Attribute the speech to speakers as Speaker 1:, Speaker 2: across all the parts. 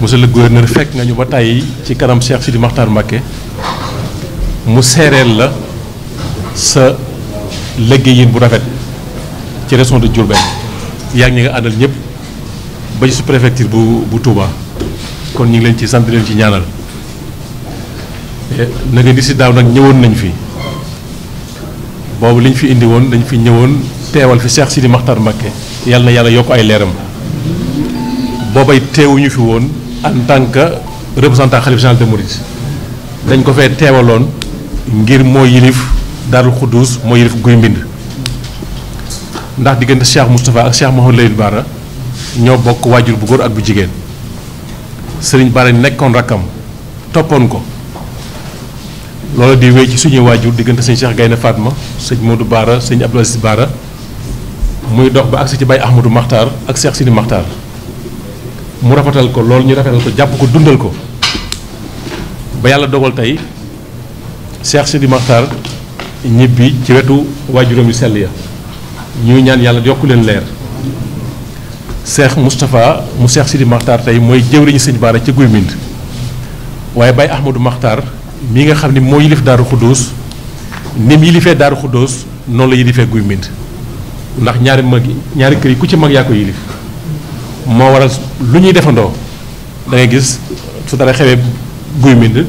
Speaker 1: monsieur le gouverneur fekk nga ñu ba tay ci kanam cheikh sidi makhtar mbacke mu sérel la sa liggéeyin bu rafet ci raison de diourbel yaa ngi nga andal ñëpp ba ci sous préfecture bu bu touba kon ñi ngi leen ci sant leen ci ñaanal eh, na nga disi si nak nañ fi bobu liñ fi indi won dañ fi ñëwoon téwal fi cheikh sidi makhtar mbacke yalla na yok ay léram bobay téwuñu fi won en tant que représentant xalif général de Mouride dañ ko fee teewaloon ngir moo yilif Daarul Xuddus moo yilif guy mbind ndax diggante Cheikh Moustapha ak Cheikh Mouhamadou Lamine Bara ñoo bokk waajur bu góor ak bu jigéen Sëriñ Bara nekkoon rakkam toppoon ko loolu di wéy ci suñuy waajur diggante sëñ Cheikh Gaynde faatma sëñ Modou Bara sëñ Abdou Aziz Bara muy dox ba agsi ci Baye Ahmadou Makhtar ak Cheikh Sidi Makhtar mu rafetal ko lool ñu rafetal ko japp ko dundal ko ba yàlla dogal tey cheikh sidi makhtar ñibbi ci wetu waajuram yu sell ya ñuy ñaan yàlla yokku leen leer cheikh moustapha mu cheikh sidi makhtar tey mooy jëwriñu sëñ baara ci guy mind bay ahmadou Makhtar mi nga xam ni moo yilif daaru ni nim yilifee daaru khudus noonu la yilifee guy mind ndax ñaari mag ñaari kër yi ku ci mag yaa ko yilif moo waral lu ñuy defandoo dangay gis su dara xewee guy mbind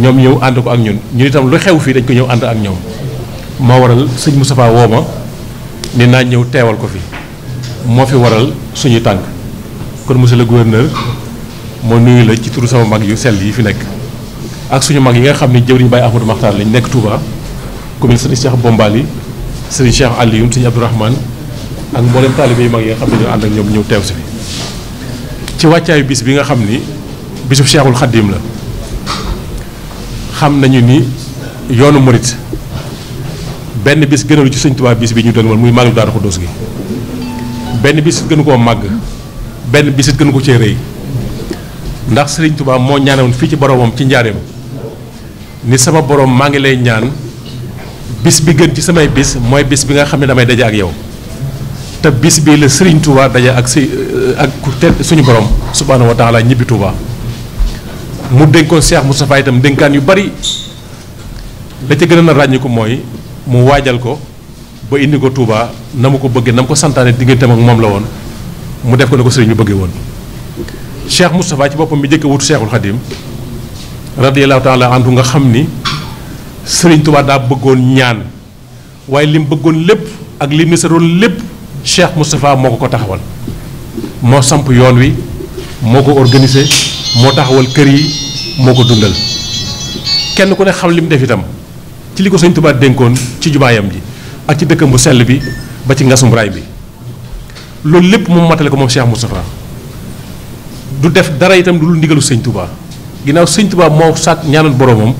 Speaker 1: ñoom ñëw ànd ko ak ñun ñun itam lu xew fii dañ ko ñëw ànd ak ñoom moo waral sëñ Moustapha ma ni naa ñëw teewal ko fi moo fi waral suñu tànk kon monsieur le gouverneur moo nuyu la ci turu sama mag yu sell yi fi nekk ak suñu mag yi nga xam ne jëwriñ Baye Ahmadou Makhtar lañ nekk Touba commune sëriñ Cheikh Bombali sëriñ Cheikh Alioum sëriñ Abdourahmane ak mboolem taalibe yu mag yi nga xam ne ñoo ànd ak ñoom ñëw teew si fi ci wàccaayu bis bi nga xam ni bisub Cheikhul Khadim la xam nañu ni yoonu murit benn bis gënalu ci Sëñ Tuubaa bis bi ñu doon wal muy màggal Daaru Xudoos gi benn bis it gënu koo màgg benn bis it gënu ko cee rëy ndax Sëriñ Tuubaa moo ñaanoon fii ci boromam ci njaareem ni sama borom maa ngi lay ñaan bis bi gën ci samay bis mooy bis bi nga xam ne damay daje ak yow te bis bii la Serigne Touba daje ak si euh, ak suñu borom subhaanahu wa taala ñibbi Touba mu dénkoon Cheikh Moustapha itam dénkaan yu bari la ca gën a ko mooy mu waajal ko ba indi ko Touba na mu ko bëggee na mu ko santaane digganteem ak moom la woon mu def ko ne ko Serigne bi bëggee woon. Cheikh Moustapha ci boppam bi njëkk a wut Cheikhul Khadim radiyallahu taala anhu nga xam ni Serigne Touba daa bëggoon ñaan waaye lim bëggoon lépp ak lim ni sa doon lépp. cheikh moustapha moko ko taxawal mo samp yoon wi moko organiser mo taxawal keur yi moko dundal kenn ku ne xam lim def itam ci liko seigne touba denkon ci jubayam ji ak ci dekk bu sel bi ba ci ngassum ray bi lol lepp mom matale ko mom cheikh moustapha du def dara itam du lu ndigalu seigne touba ginaaw seigne touba mo sak ñaanal boromam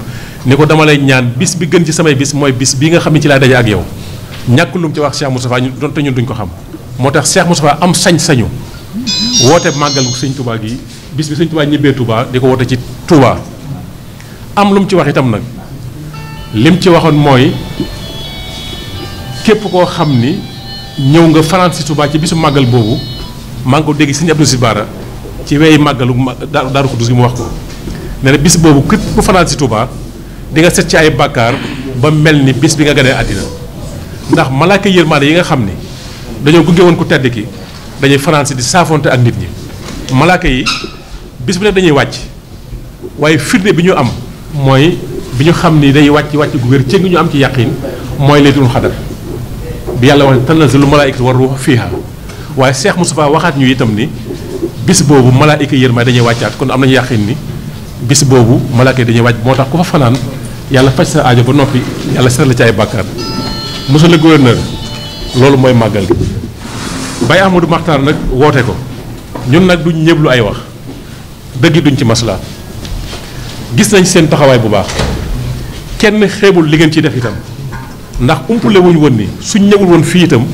Speaker 1: ne dama lay ñaan bis bi gën ci samay bis moy bis bi nga xam ci la ak yow ñak lu ci wax Cheikh Moustapha ñun donte ñun duñ ko xam motax Cheikh Moustapha am sañ-sañu woote màggal seigne Touba gi bis bi seigne Touba ñibbee Touba diko wote ci Touba am lu ci wax itam nak lim ci waxon moy kep ko xamni ni nga fanaan si Touba ci bisu magal bobu maa ko dégg seigne Abdou Sibara ci wéy magal daru ko dus gi mu wax ko né bis bobu kep ko fanaan si Touba di nga set ci ay ba mel bis bi nga gëné adina ndax malaaka yërmaande yi nga xam ni dañoo gunge woon ku tedd ki dañuy faransi di saafonte ak nit ñi malaaka yi bis bu ne dañuy wàcc waaye firnde bi ñu am mooy bi ñu xam ni day wàcc wàcc gu wér cëng ñu am ci yàqin mooy laylatul xadar bi yàlla wax ne tanazzalu malaa'ikatu war ruux fiiha waaye seex Cheikh Moustapha waxaat ñu itam ni bis boobu malaayika yërmaande dañuy wàccaat kon am nañu yàqin ni boobu malaaka yi dañuy wàcc moo tax ku fa fanaan yàlla faj sa aajo ba noppi yàlla seral ci ay bàkkaar monsieur le gouverneur loolu mooy màggal gi Baye Amadou Makhtar nag woote ko ñun nag duñ ñëblu ay wax dëgg duñ ci maslaa gis nañ seen taxawaay bu baax kenn xeebul li ngeen ciy def itam ndax umpule wuñ woon ni suñ ñëwul woon fii itam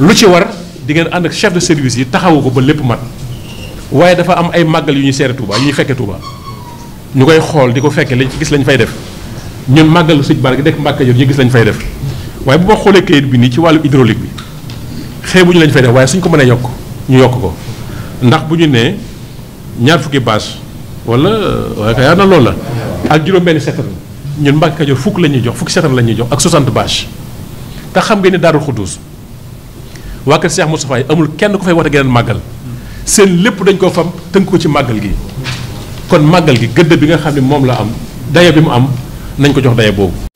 Speaker 1: lu ci war di ngeen ànd ak chef de service yi taxawu ko ba lépp mat waaye dafa am ay màggal yu ñuy seere Touba yu ñuy fekke Touba ñu koy xool di ko fekke lañ ci gis lañu fay def ñun màggalu sëñ Bara gi dekk Mbàkke Kajoor ñu gis lañ fay def waaye bu ma xoolee kayit bi nii ci wàllu hydraulique bi xëy bu ñu lañ fay def waaye suñ ko mën a yokk ñu yokk ko ndax bu ñu nee ñaar fukki bâche wala waaye kay na loolu la ak juróom-benn seetal ñun Mbàkke Kajoor fukk la ñuy jox fukki seetal la ñuy jox ak 60 bâche te xam ngeen ne Daarul Xuddus waa kër Cheikh Moustapha yi amul kenn ku fay a geneen màggal seen lépp dañ ko fam tënk ko ci màggal gi kon màggal gi gëdd bi nga xam ne moom la am daye bi mu am nañ ko jox daye boobu